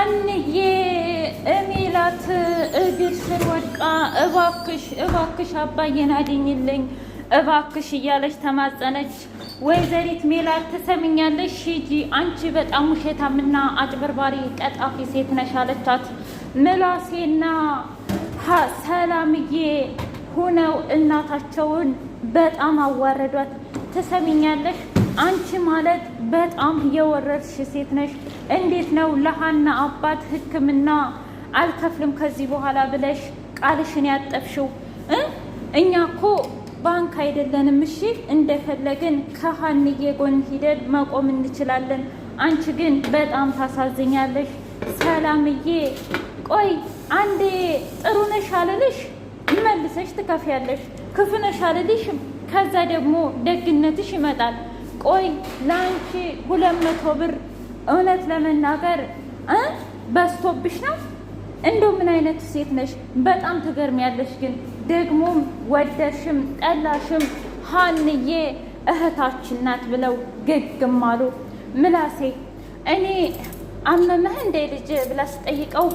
ሀንዬ እሚላት እግር ስር ወድቃ እባክሽ እባክሽ አባዬን አድኝልኝ እባክሽ እያለች ተማጸነች። ወይዘሪት ሜላት ትሰምኛለሽ? ሂጂ አንቺ በጣም ውሸታምና አጭበርባሪ ቀጣፊ ሴት ነሽ አለቻት። ምላሴና ሰላምዬ ሁነው እናታቸውን በጣም አዋረዷት። ትሰምኛለሽ? አንቺ ማለት በጣም የወረድሽ ሴት ነሽ እንዴት ነው ለሀና አባት ሕክምና አልከፍልም ከዚህ በኋላ ብለሽ ቃልሽን ያጠፍሽው? እኛ እኮ ባንክ አይደለንም። እሺ እንደፈለግን ከሀንዬ ጎን ሂደን መቆም እንችላለን። አንቺ ግን በጣም ታሳዝኛለሽ ሰላምዬ። ቆይ አንዴ ጥሩ ነሽ አልልሽ መልሰሽ ትከፍያለሽ፣ ክፉ ነሽ አልልሽም። ከዛ ደግሞ ደግነትሽ ይመጣል። ቆይ ለአንቺ ሁለት መቶ ብር እውነት ለመናገር በስቶብሽ ነው። እንደው ምን አይነት ሴት ነሽ? በጣም ትገርሚያለሽ። ግን ደግሞም ወደሽም ጠላሽም ሀንዬ እህታችን ናት ብለው ግግም አሉ። ምላሴ እኔ አመመህ እንዴ ልጅ ብላ ስጠይቀው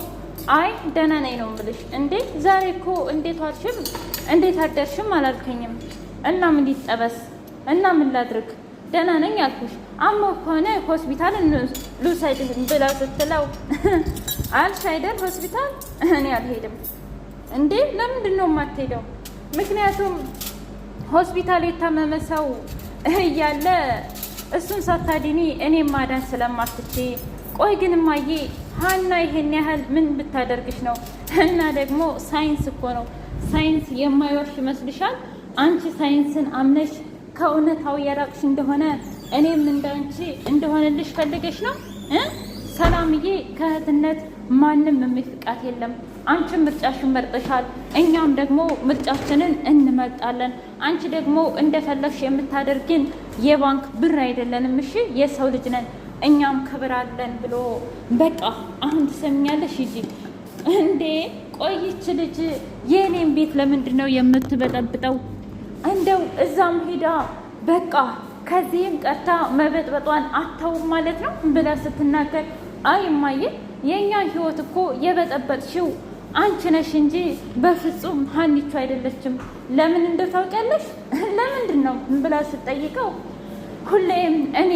አይ ደህና ነኝ ነው የምልሽ። እንዴ ዛሬ እኮ እንዴት ዋልሽም እንዴት አደርሽም አላልከኝም። እና ምን ይጠበስ እና ምን ላድርግ ደህና ነኝ አልኩሽ። አሞህ ከሆነ ሆስፒታል ልውሰድ ብላ ስትለው አልሽ አይደል ሆስፒታል እኔ አልሄድም። እንዴ ለምንድን ነው የማትሄደው? ምክንያቱም ሆስፒታል የታመመ ሰው እያለ እሱን ሳታድኒ እኔ ማዳን ስለማትቼ። ቆይ ግን እማዬ ሀና ይሄን ያህል ምን ብታደርግሽ ነው? እና ደግሞ ሳይንስ እኮ ነው። ሳይንስ የማይወርሽ ይመስልሻል? አንቺ ሳይንስን አምነሽ ከእውነታው የራቅሽ እንደሆነ እኔም እንዳንቺ እንደሆነልሽ ፈልገሽ ነው ሰላምዬ። ከእህትነት ማንም የሚፍቃት የለም። አንቺ ምርጫሽን መርጠሻል፣ እኛም ደግሞ ምርጫችንን እንመርጣለን። አንቺ ደግሞ እንደፈለግሽ የምታደርግን የባንክ ብር አይደለንም። እሺ የሰው ልጅ ነን፣ እኛም ክብር አለን ብሎ በቃ አሁን ትሰሚያለሽ እንጂ እንዴ ቆይች ልጅ የእኔም ቤት ለምንድን ነው የምትበጠብጠው? እንደው እዛም ሄዳ በቃ ከዚህም ቀርታ መበጥበጧን አተውም ማለት ነው ብላ ስትናገር፣ አይ እማዬ የእኛ ህይወት እኮ የበጠበጥሽው አንቺ ነሽ እንጂ በፍጹም ሀኒቹ አይደለችም። ለምን እንደታውቂያለሽ? ለምንድን ነው ብላ ስትጠይቀው ሁሌም እኔ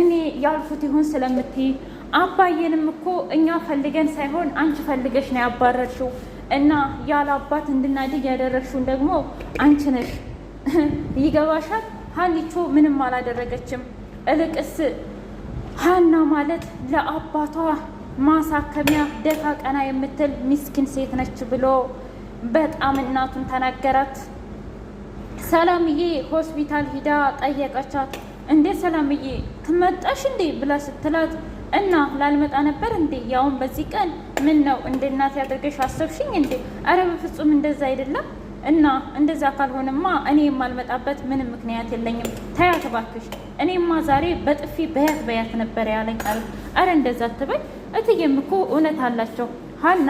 እኔ ያልኩት ይሁን ስለምትይ አባዬንም እኮ እኛ ፈልገን ሳይሆን አንቺ ፈልገሽ ነው ያባረርሽው እና ያለ አባት እንድናድግ ያደረግሽውን ደግሞ አንቺ ነሽ ይገባሻል። ሀሊቾ ምንም አላደረገችም። እልቅስ ሀና ማለት ለአባቷ ማሳከሚያ ደፋ ቀና የምትል ሚስኪን ሴት ነች ብሎ በጣም እናቱን ተናገራት። ሰላምዬ ሆስፒታል ሂዳ ጠየቀቻት። እንዴ ሰላምዬ ትመጣሽ እንዴ ብላ ስትላት እና ላልመጣ ነበር እንዴ ያውን በዚህ ቀን ምን ነው እንደ እናት ያደርገሽ አሰብሽኝ እንዴ? አረ በፍጹም እንደዛ አይደለም እና እንደዛ ካልሆነማ እኔ የማልመጣበት ምንም ምክንያት የለኝም። ተያት እባክሽ፣ እኔማ ዛሬ በጥፊ በያት በያት ነበር ያለኝ አለ። አረ እንደዛ አትበይ እትዬም እኮ እውነት አላቸው ሀና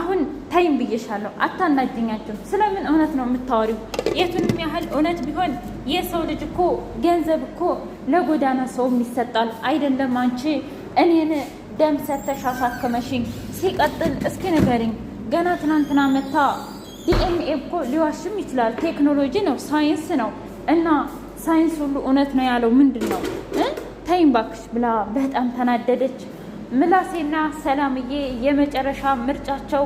አሁን ታይም ብዬሻለሁ፣ አታናጅኛቸው። ስለምን እውነት ነው የምታወሪው? የቱንም ያህል እውነት ቢሆን የሰው ልጅ እኮ ገንዘብ እኮ ለጎዳና ሰውም ይሰጣል። አይደለም አንቺ እኔን ደም ሰተሽ ሲቀጥል እስኪ ንገሪኝ፣ ገና ትናንትና መታ ዲኤንኤ እኮ ሊዋሽም ይችላል። ቴክኖሎጂ ነው፣ ሳይንስ ነው። እና ሳይንስ ሁሉ እውነት ነው ያለው ምንድን ነው? ተይኝ እባክሽ ብላ በጣም ተናደደች። ምላሴና ሰላምዬ የመጨረሻ ምርጫቸው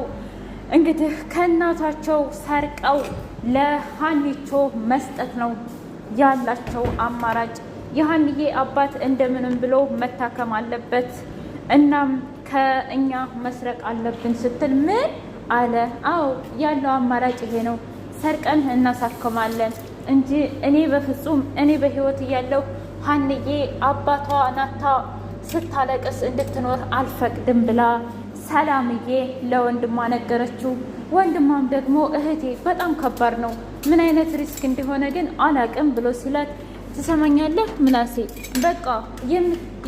እንግዲህ ከእናታቸው ሰርቀው ለሀኒቾ መስጠት ነው ያላቸው አማራጭ። የሀንዬ አባት እንደምንም ብሎ መታከም አለበት። እናም ከእኛ መስረቅ አለብን ስትል ምን አለ። አዎ ያለው አማራጭ ይሄ ነው፣ ሰርቀን እናሳከማለን እንጂ እኔ በፍጹም እኔ በህይወት እያለሁ ሀንዬ አባቷ ናታ ስታለቅስ እንድትኖር አልፈቅድም ብላ ሰላምዬ ለወንድሟ ነገረችው። ወንድሟም ደግሞ እህቴ በጣም ከባድ ነው፣ ምን አይነት ሪስክ እንደሆነ ግን አላቅም ብሎ ሲላት ትሰማኛለህ ምላሴ፣ በቃ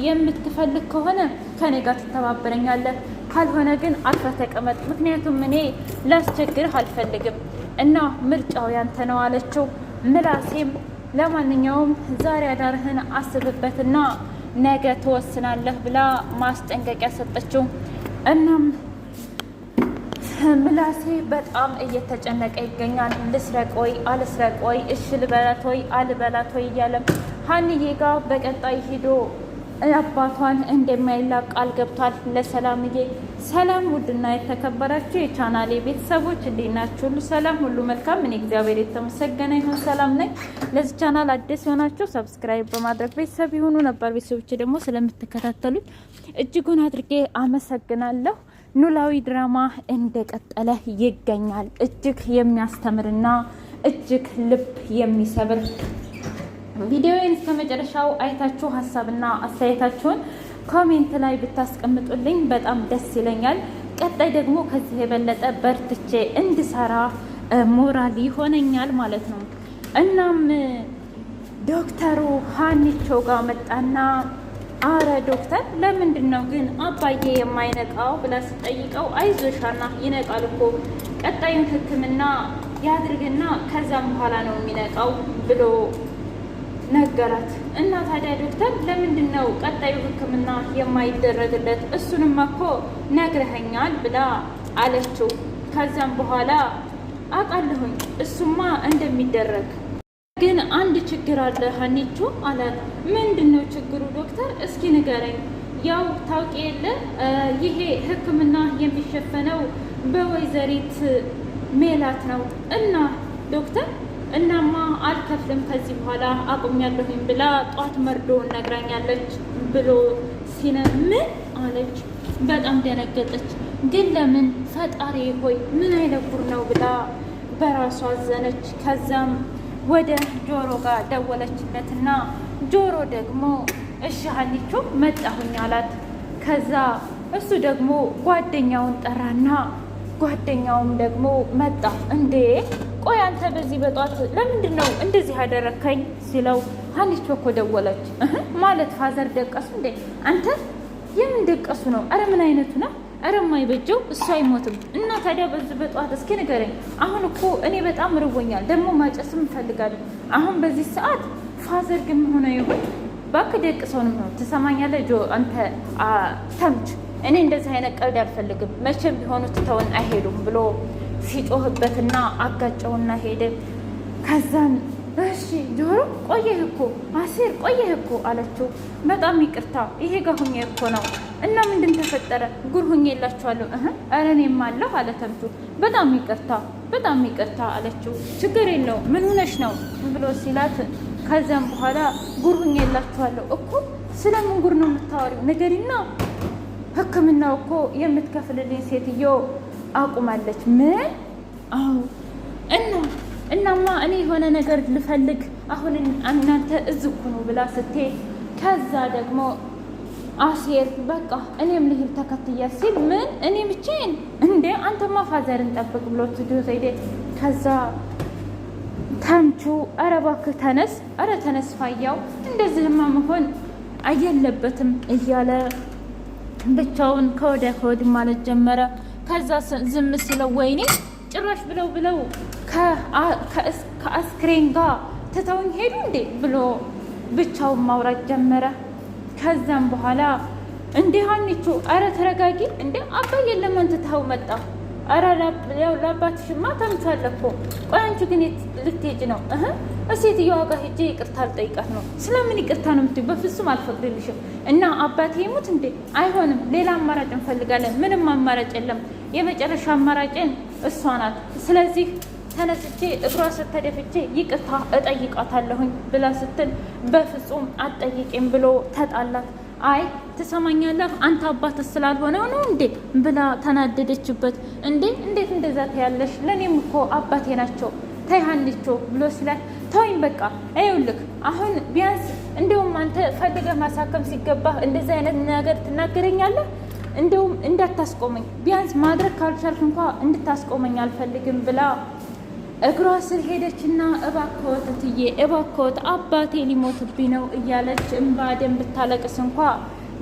የምትፈልግ ከሆነ ከኔ ጋር ትተባበረኛለህ፣ ካልሆነ ግን አርፈህ ተቀመጥ። ምክንያቱም እኔ ላስቸግርህ አልፈልግም እና ምርጫው ያንተ ነው አለችው። ምላሴም ለማንኛውም ዛሬ አዳርህን አስብበትና ነገ ትወስናለህ ብላ ማስጠንቀቂያ ሰጠችው። እናም ምላሴ በጣም እየተጨነቀ ይገኛል። ልስረቅ ወይ፣ ልስረቆይ ወይ እሽ አልበላት ወይ እያለም ሀንዬ ጋር በቀጣይ ሂዶ አባቷን እንደማይላቅ ቃል ገብቷል ለሰላምዬ። ሰላም ውድና የተከበራችሁ የቻናሌ ቤተሰቦች እንዴት ናችሁ? ሁሉ ሰላም፣ ሁሉ መልካም። እኔ እግዚአብሔር የተመሰገነ ይሁን ሰላም ነኝ። ለዚህ ቻናል አዲስ የሆናችሁ ሰብስክራይብ በማድረግ ቤተሰብ የሆኑ ነባር ቤተሰቦች ደግሞ ስለምትከታተሉት እጅጉን አድርጌ አመሰግናለሁ። ኖላዊ ድራማ እንደቀጠለ ይገኛል። እጅግ የሚያስተምርና እጅግ ልብ የሚሰብር ቪዲዮ እስከ መጨረሻው አይታችሁ ሀሳብና አስተያየታችሁን ኮሜንት ላይ ብታስቀምጡልኝ በጣም ደስ ይለኛል። ቀጣይ ደግሞ ከዚህ የበለጠ በርትቼ እንድሰራ ሞራል ይሆነኛል ማለት ነው። እናም ዶክተሩ ሀኒቾ ጋር መጣና አረ ዶክተር ለምንድን ነው ግን አባዬ የማይነቃው ብላ ስጠይቀው አይዞሻና ይነቃል እኮ ቀጣዩን ህክምና ያድርግና ከዛም በኋላ ነው የሚነቃው ብሎ ነገራት። እና ታዲያ ዶክተር ለምንድን ነው ቀጣዩ ህክምና የማይደረግለት? እሱንም እኮ ነግረኸኛል ብላ አለችው። ከዛም በኋላ አውቃለሁኝ እሱማ እንደሚደረግ ግን አንድ ችግር አለ ሀኒቹ አላት። ምንድን ነው ችግሩ ዶክተር? እስኪ ንገረኝ። ያው ታውቂ የለ ይሄ ህክምና የሚሸፈነው በወይዘሪት ሜላት ነው እና ዶክተር እናማ አልከፍልም ከዚህ በኋላ አቁሜያለሁኝ ብላ ጧት መርዶውን ነግራኛለች ብሎ ሲነምን አለች። በጣም ደነገጠች። ግን ለምን ፈጣሪ ሆይ ምን አይነት ጉር ነው ብላ በራሷ አዘነች። ከዛም ወደ ጆሮ ጋር ደወለችለትና ጆሮ ደግሞ እሺ ሀኒቾ መጣሁኝ አላት። ከዛ እሱ ደግሞ ጓደኛውን ጠራና ጓደኛውም ደግሞ መጣ። እንዴ ቆይ አንተ በዚህ በጧት ለምንድን ነው እንደዚህ ያደረግከኝ ሲለው ሀኒቾ እኮ ደወለች ማለት ፋዘር ደቀሱ እንዴ አንተ የምን ደቀሱ ነው? አረ ምን አይነቱ ነው ኧረ የማይበጀው እሱ አይሞትም። እና ታዲያ በዚህ በጠዋት እስኪ ንገረኝ። አሁን እኮ እኔ በጣም ርቦኛል፣ ደግሞ ማጨስም እንፈልጋለን። አሁን በዚህ ሰዓት ፋዘር ግን ሆነ ይሁን እባክህ ደቅ ሰውንም ነው ትሰማኛለህ? ጆ አንተ ተምች፣ እኔ እንደዚህ አይነት ቀልድ አልፈልግም። መቼም ቢሆኑ ትተውን አይሄዱም ብሎ ሲጮህበትና አጋጨውና ሄደ ከዛን እሺ ጆሮ ቆየህ እኮ አሴር ቆየህ እኮ አለችው። በጣም ይቅርታ ይሄ ጋር ሁኜ እኮ ነው እና ምንድን ተፈጠረ? ጉር ሁኜ የላችኋለሁ እህ ኧረ እኔም አለሁ አለ ተምቹ። በጣም ይቅርታ በጣም ይቅርታ አለችው። ችግር የለው ምን ሆነሽ ነው ብሎ ሲላት ከዚያም በኋላ ጉር ሁኜ የላችኋለሁ እኮ ስለምን ጉር ነው የምታወሪው? ንገሪና ሕክምናው እኮ የምትከፍልልኝ ሴትዮ አቁማለች። ምን አዎ እና እናማ እኔ የሆነ ነገር ልፈልግ አሁን እናንተ እዚህ ኩኑ ብላ ስቴ ከዛ ደግሞ አሴር በቃ እኔም ልሂድ ተከትያ ሲል ምን እኔ ብቻዬን እንዴ አንተማ ፋዘርን ጠብቅ ብሎ ስቱዲዮ ዘይዴ ከዛ ተምቹ ኧረ እባክህ ተነስ ኧረ ተነስ ፋያው እንደዚህማ መሆን አየለበትም እያለ ብቻውን ከወደ ከወድ ማለት ጀመረ ከዛ ዝም ስለው ወይኔ ጭራሽ ብለው ብለው ከአስክሬን ጋር ትተውኝ ሄዱ እንዴ ብሎ ብቻውን ማውራት ጀመረ። ከዛም በኋላ እንዴ ሀኒቹ፣ አረ ተረጋጊ እንዴ አባዬን ለማን ትተኸው መጣ? አረ ለአባትሽማ ሽማ እኮ። ቆይ አንቺ ግን ልትሄጂ ነው? እህ እሴትዮዋ ጋር ሂጅ፣ ይቅርታ ልጠይቃት ነው። ስለምን ይቅርታ ነው የምትይው? በፍጹም አልፈቅድልሽም። እና አባቴ ይሙት እንዴ? አይሆንም፣ ሌላ አማራጭ እንፈልጋለን። ምንም አማራጭ የለም። የመጨረሻ አማራጭን እሷ ናት። ስለዚህ ተነስቼ እግሯ ስተደፍቼ ይቅታ ይቅርታ እጠይቃታለሁኝ ብላ ስትል በፍጹም አጠይቂም ብሎ ተጣላት። አይ ትሰማኛለህ፣ አንተ አባትህ ስላልሆነው ነው እንዴ ብላ ተናደደችበት። እንዴ እንዴት እንደዛ ትያለሽ? ለእኔም እኮ አባቴ ናቸው ተይሃንቾ ብሎ ስላት ተወኝ በቃ ይኸውልህ፣ አሁን ቢያንስ እንደውም አንተ ፈልገህ ማሳከም ሲገባህ እንደዚህ አይነት ነገር ትናገረኛለህ። እንደውም እንዳታስቆመኝ ቢያንስ ማድረግ ካልቻልክ እንኳ እንድታስቆመኝ አልፈልግም ብላ እግሯ ስር ሄደችና እባክዎት እትዬ እባክዎት አባቴ ሊሞትብኝ ነው እያለች እምባ ደም ብታለቅስ እንኳ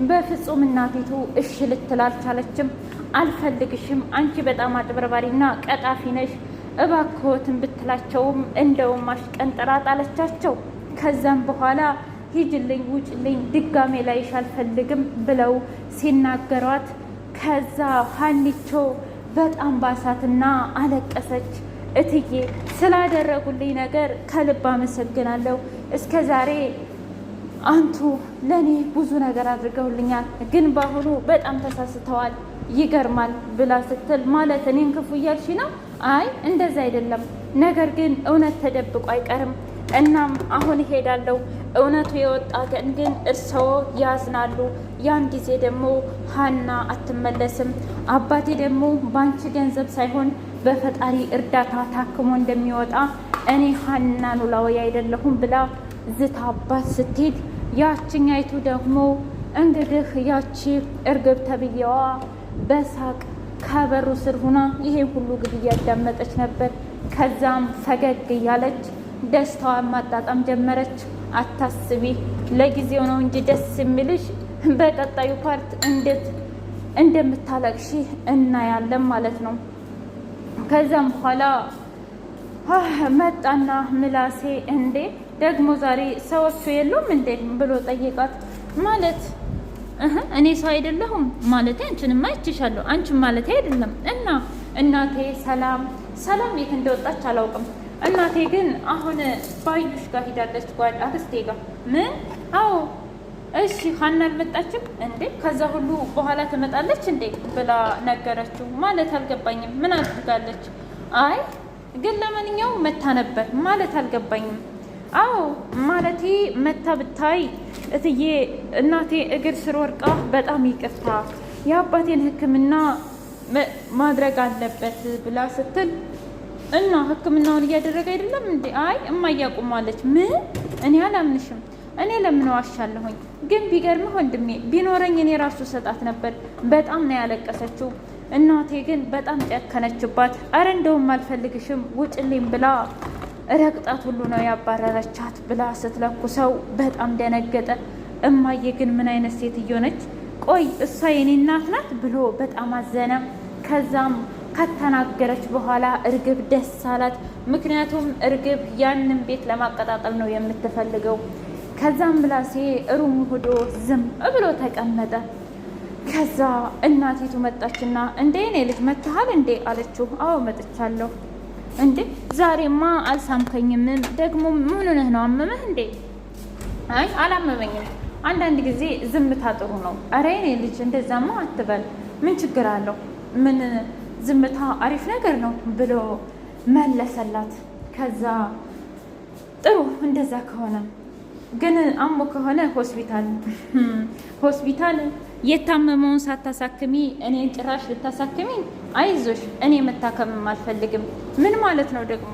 በፍጹም እናቲቱ እሽ ልትል አልቻለችም። አልፈልግሽም፣ አንቺ በጣም አጭበርባሪና ቀጣፊ ነሽ፣ እባክዎትን ብትላቸውም እንደውም አሽቀንጥራ ጣለቻቸው። ከዛም በኋላ ሂጅልኝ፣ ውጭልኝ፣ ድጋሜ ላይሽ አልፈልግም ብለው ሲናገሯት ከዛ ሀኒቾ በጣም ባሳትና አለቀሰች። እትዬ ስላደረጉልኝ ነገር ከልብ አመሰግናለሁ። እስከ ዛሬ አንቱ ለእኔ ብዙ ነገር አድርገውልኛል፣ ግን በአሁኑ በጣም ተሳስተዋል፣ ይገርማል ብላ ስትል ማለት እኔን ክፉ እያልሽ ነው? አይ እንደዛ አይደለም፣ ነገር ግን እውነት ተደብቆ አይቀርም። እናም አሁን እሄዳለሁ። እውነቱ የወጣ ቀን ግን እርስዎ ያዝናሉ። ያን ጊዜ ደግሞ ሀና አትመለስም። አባቴ ደግሞ በአንቺ ገንዘብ ሳይሆን በፈጣሪ እርዳታ ታክሞ እንደሚወጣ እኔ ሀና ኖላዊ አይደለሁም ብላ ዝታባት ስትሄድ ያችኛይቱ ደግሞ እንግዲህ ያቺ እርግብ ተብዬዋ በሳቅ ከበሩ ስር ሁና ይሄን ሁሉ ግብ እያዳመጠች ነበር። ከዛም ፈገግ እያለች ደስታዋን ማጣጣም ጀመረች። አታስቢ፣ ለጊዜው ነው እንጂ ደስ የሚልሽ በቀጣዩ ፓርት እንዴት እንደምታለቅሺ እናያለን ማለት ነው። ከዛም በኋላ መጣና ምላሴ እንዴ ደግሞ ዛሬ ሰዎቹ የሉም እንዴ ብሎ ጠየቃት። ማለት እኔ ሰው አይደለሁም ማለት አንቺንማ አይቼሻለሁ፣ አንቺን ማለት አይደለም። እና እናቴ ሰላም ሰላም የት እንደወጣች አላውቅም። እናቴ ግን አሁን ባዩሽ ጋር ሂዳለች፣ ጓድ አክስቴ ጋር ምን? አዎ እሺ ሀና አልመጣችም እንዴ? ከዛ ሁሉ በኋላ ትመጣለች እንዴ ብላ ነገረችው። ማለት አልገባኝም። ምን አድርጋለች? አይ ግን ለማንኛውም መታ ነበር ማለት አልገባኝም። አዎ ማለቴ መታ ብታይ እትዬ እናቴ እግር ስር ወርቃ በጣም ይቅርታ የአባቴን ሕክምና ማድረግ አለበት ብላ ስትል እና ሕክምናውን እያደረገ አይደለም እንዴ? አይ እማያቁማለች። ምን እኔ አላምንሽም እኔ ለምን ዋሻለሁኝ? ግን ቢገርምህ ወንድሜ ቢኖረኝ እኔ ራሱ ሰጣት ነበር። በጣም ነው ያለቀሰችው። እናቴ ግን በጣም ጨከነችባት። አረ እንደውም አልፈልግሽም ውጭልኝ ብላ ረግጣት ሁሉ ነው ያባረረቻት ብላ ስትለኩሰው በጣም ደነገጠ። እማዬ ግን ምን አይነት ሴትዮ ነች? ቆይ እሷ የኔ እናት ናት ብሎ በጣም አዘነ። ከዛም ከተናገረች በኋላ እርግብ ደስ አላት። ምክንያቱም እርግብ ያንን ቤት ለማቀጣጠል ነው የምትፈልገው። ከዛም ብላሴ ሩም ሆዶ ዝም ብሎ ተቀመጠ። ከዛ እናቲቱ መጣችና እንዴ እኔ ልጅ መታሃል እንዴ አለችው። አዎ መጥቻለሁ። እንዴ ዛሬማ አልሳምከኝም፣ ደግሞ ምን ሆነህ ነው? አመመህ እንዴ? አይ አላመመኝም። አንዳንድ ጊዜ ዝምታ ጥሩ ነው። አረ እኔ ልጅ እንደዛማ አትበል፣ ምን ችግር አለው? ምን ዝምታ አሪፍ ነገር ነው ብሎ መለሰላት። ከዛ ጥሩ እንደዛ ከሆነ ግን አሞ ከሆነ ሆስፒታል ሆስፒታል የታመመውን ሳታሳክሚ እኔን ጭራሽ ልታሳክሚ? አይዞሽ እኔ መታከምም አልፈልግም። ምን ማለት ነው ደግሞ?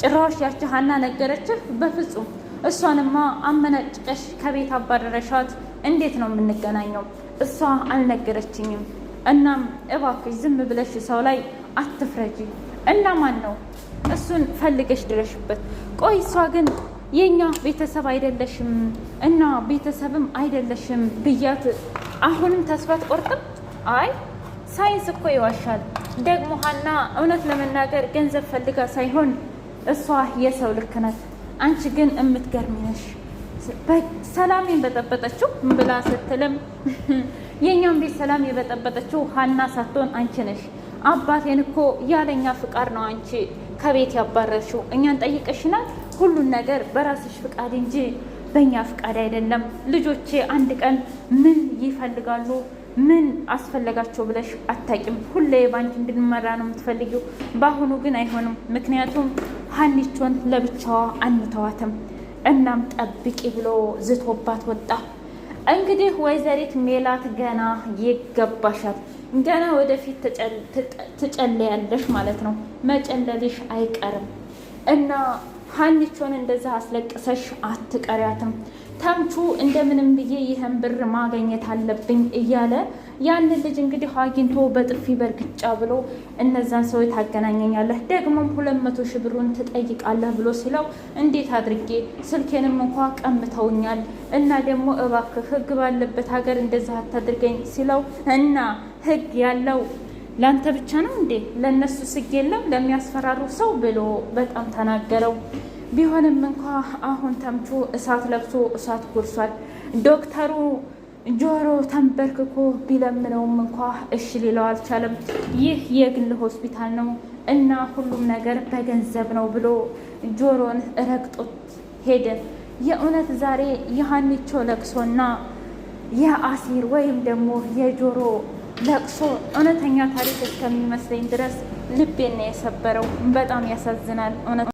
ጭራሽ ያቺ ሀና ነገረችህ? በፍጹም እሷንማ አመናጭቀሽ ከቤት አባረረሻት። እንዴት ነው የምንገናኘው? እሷ አልነገረችኝም። እናም እባክሽ ዝም ብለሽ ሰው ላይ አትፍረጂ። እና ማን ነው እሱን ፈልገሽ ድረሽበት። ቆይ እሷ ግን የእኛ ቤተሰብ አይደለሽም እና ቤተሰብም አይደለሽም ብያት አሁንም ተስፋ ትቆርጥም። አይ ሳይንስ እኮ ይዋሻል። ደግሞ ሀና እውነት ለመናገር ገንዘብ ፈልጋ ሳይሆን እሷ የሰው ልክ ናት። አንቺ ግን እምትገርሚ ነሽ። ሰላሜን በጠበጠችው ብላ ስትልም የእኛም ቤት ሰላም የበጠበጠችው ሀና ሳትሆን አንቺ ነሽ። አባቴን እኮ ያለኛ ፍቃድ ነው አንቺ ከቤት ያባረርሽው። እኛን ጠይቀሽናል ሁሉን ነገር በራስሽ ፍቃድ እንጂ በእኛ ፍቃድ አይደለም። ልጆቼ አንድ ቀን ምን ይፈልጋሉ ምን አስፈለጋቸው ብለሽ አታቂም። ሁሌ ባንቺ እንድንመራ ነው የምትፈልጊው። በአሁኑ ግን አይሆንም። ምክንያቱም ሀኒቾን ለብቻዋ አንተዋትም። እናም ጠብቂ ብሎ ዝቶባት ወጣ። እንግዲህ ወይዘሪት ሜላት ገና ይገባሻል፣ ገና ወደፊት ትጨለያለሽ ማለት ነው። መጨለልሽ አይቀርም እና ሀኒቾን እንደዛ አስለቅሰሽ አትቀሪያትም። ተምቹ እንደምንም ብዬ ይህን ብር ማገኘት አለብኝ እያለ ያንን ልጅ እንግዲህ አግኝቶ በጥፊ በርግጫ ብሎ እነዛን ሰዎች ታገናኘኛለህ፣ ደግሞም ሁለት መቶ ሺህ ብሩን ትጠይቃለህ ብሎ ሲለው እንዴት አድርጌ ስልኬንም እንኳ ቀምተውኛል እና ደግሞ እባክህ ህግ ባለበት ሀገር እንደዛ አታድርገኝ ሲለው እና ህግ ያለው ለአንተ ብቻ ነው እንዴ? ለእነሱ ስግ የለም ለሚያስፈራሩ ሰው ብሎ በጣም ተናገረው። ቢሆንም እንኳ አሁን ተምቹ እሳት ለብሶ እሳት ጎርሷል። ዶክተሩ ጆሮ ተንበርክኮ ቢለምነውም እንኳ እሽ ሊለው አልቻለም። ይህ የግል ሆስፒታል ነው እና ሁሉም ነገር በገንዘብ ነው ብሎ ጆሮን ረግጦት ሄደ። የእውነት ዛሬ የሀኒቾ ለቅሶና የአሲር ወይም ደግሞ የጆሮ ለቅሶ እውነተኛ ታሪክ እስከሚመስለኝ ድረስ ልቤን ነው የሰበረው። በጣም ያሳዝናል እውነት